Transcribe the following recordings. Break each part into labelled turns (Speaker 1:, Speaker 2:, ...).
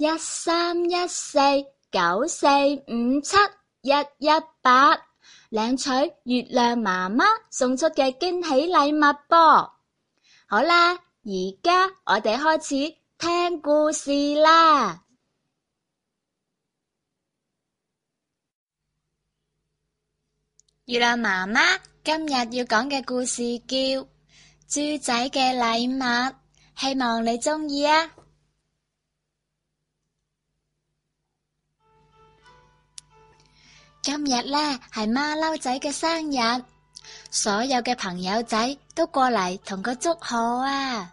Speaker 1: 一三一四九四五七一一八，14, 7, 8，領取月亮媽媽送出嘅驚喜禮物啵。好啦，而家我哋開始聽故事啦。月亮媽媽今日要講嘅故事叫《豬仔嘅禮物》，希望你中意啊！今日呢係馬騮仔嘅生日，所有嘅朋友仔都過嚟同佢祝賀啊！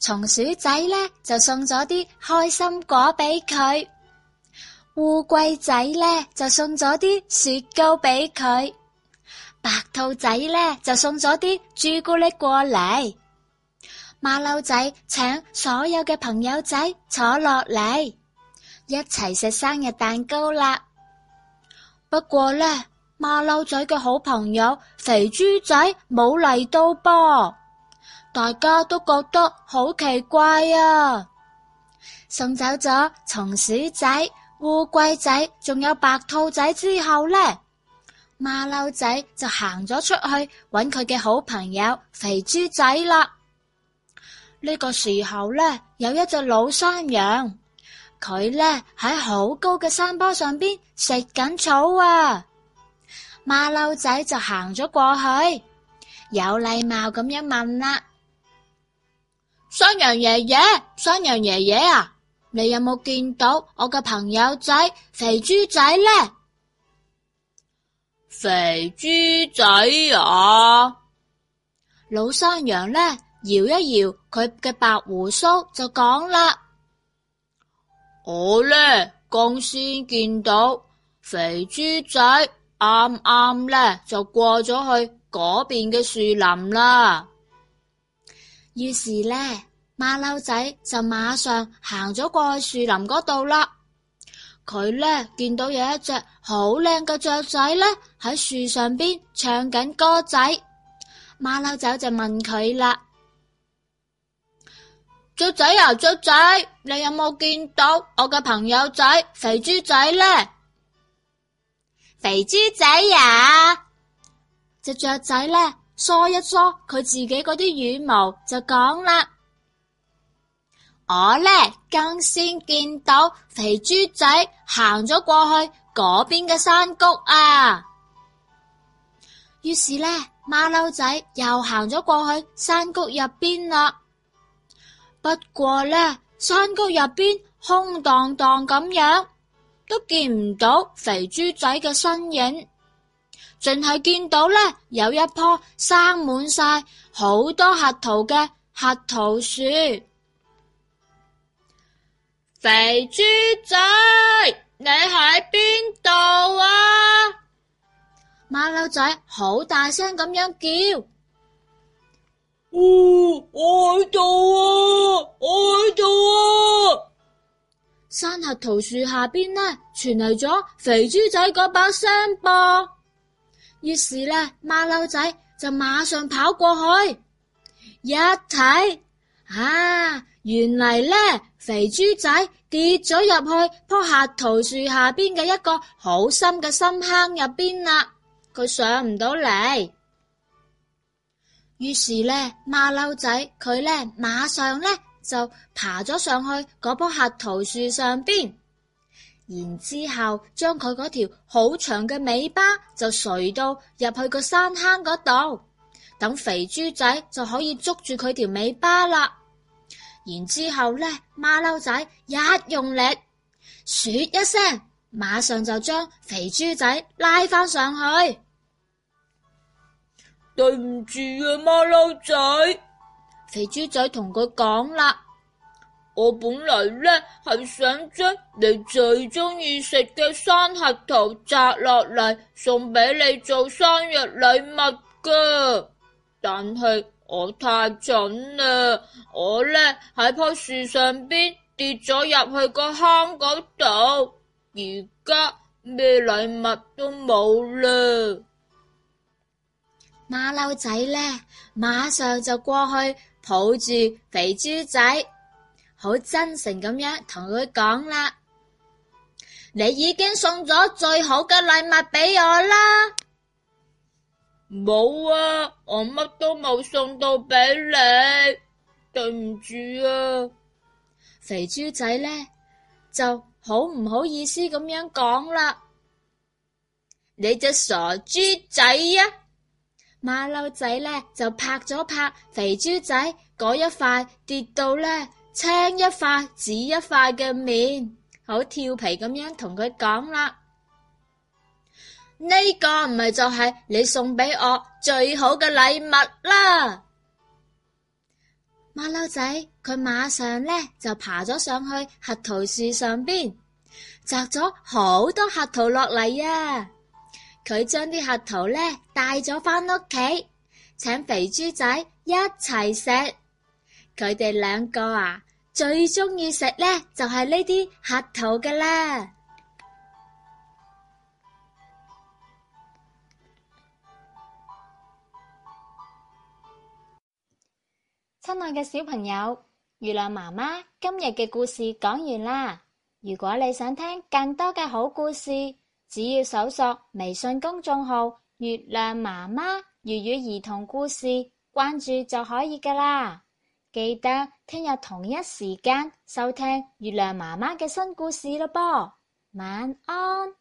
Speaker 1: 松鼠仔呢就送咗啲開心果俾佢，烏龜仔呢就送咗啲雪糕俾佢，白兔仔呢就送咗啲朱古力過嚟。馬騮仔請所有嘅朋友仔坐落嚟，一齊食生日蛋糕啦！不過呢，馬騮仔嘅好朋友肥豬仔冇嚟到噃，大家都覺得好奇怪啊！送走咗松鼠仔、烏龜仔，仲有白兔仔之後呢，馬騮仔就行咗出去揾佢嘅好朋友肥豬仔啦。呢個時候呢，有一隻老山羊。佢呢喺好高嘅山坡上邊食緊草啊！馬騮仔就行咗過去，有禮貌咁樣問啦、啊：山羊爺爺，山羊爺爺啊，你有冇見到我嘅朋友仔肥豬仔呢？肥豬仔啊！老山羊呢搖一搖佢嘅白鬍鬚就講啦。我呢，剛先見到肥豬仔啱啱呢就過咗去嗰邊嘅樹林啦，於是呢，馬騮仔就馬上行咗過去樹林嗰度啦。佢呢，見到有一隻好靚嘅雀仔呢喺樹上邊唱緊歌仔，馬騮仔就問佢啦。雀仔啊，雀仔，你有冇見到我嘅朋友仔肥豬仔呢？肥豬仔呀？啊，隻雀仔呢，梳一梳佢自己嗰啲羽毛就講啦。我呢，更先見到肥豬仔行咗過去嗰邊嘅山谷啊。於是呢，馬騮仔又行咗過去山谷入邊啦。不過呢，山谷入邊空蕩蕩咁樣，都見唔到肥豬仔嘅身影，淨係見到呢有一棵生滿晒好多核桃嘅核桃樹。肥豬仔，你喺邊度啊？馬騮仔好大聲咁樣叫。哦、我喺度啊！我喺度啊！山核桃樹下邊咧，傳嚟咗肥豬仔嗰把聲噃。於是咧，馬騮仔就馬上跑過去，一睇啊，原嚟呢，肥豬仔跌咗入去棵核桃樹下邊嘅一個好深嘅深坑入邊啦，佢上唔到嚟。於是呢，馬騮仔佢呢馬上呢，就爬咗上去嗰棵核桃樹上邊，然之後將佢嗰條好長嘅尾巴就垂到入去個山坑嗰度，等肥豬仔就可以捉住佢條尾巴啦。然之後呢，馬騮仔一用力，說一聲，馬上就將肥豬仔拉翻上去。對唔住啊，馬騮仔，肥豬仔同佢講啦。我本來咧係想將你最中意食嘅山核桃摘落嚟送俾你做生日禮物噶，但係我太蠢啦，我咧喺棵樹上邊跌咗入去個坑嗰度，而家咩禮物都冇啦。馬騮仔呢，馬上就過去抱住肥豬仔，好真誠咁樣同佢講啦：你已經送咗最好嘅禮物俾我啦。冇啊，我乜都冇送到俾你，對唔住啊。肥豬仔呢，就好唔好意思咁樣講啦，你隻傻豬仔啊！馬騮仔呢，就拍咗拍肥豬仔嗰一塊，跌到呢青一塊紫一塊嘅面，好調皮咁樣同佢講啦：呢個唔係就係你送俾我最好嘅禮物啦！馬騮仔佢馬上呢，就爬咗上去核桃樹上邊，摘咗好多核桃落嚟啊。佢將啲核桃咧帶咗返屋企，請肥豬仔一齊食。佢哋兩個啊，最中意食咧就係呢啲核桃噶啦。親愛嘅小朋友，月亮媽媽今日嘅故事講完啦。如果你想聽更多嘅好故事。只要搜索微信公眾號《月亮媽媽粵語兒童故事》，關注就可以㗎喇。記得聽日同一時間收聽月亮媽媽嘅新故事喇噃。晚安。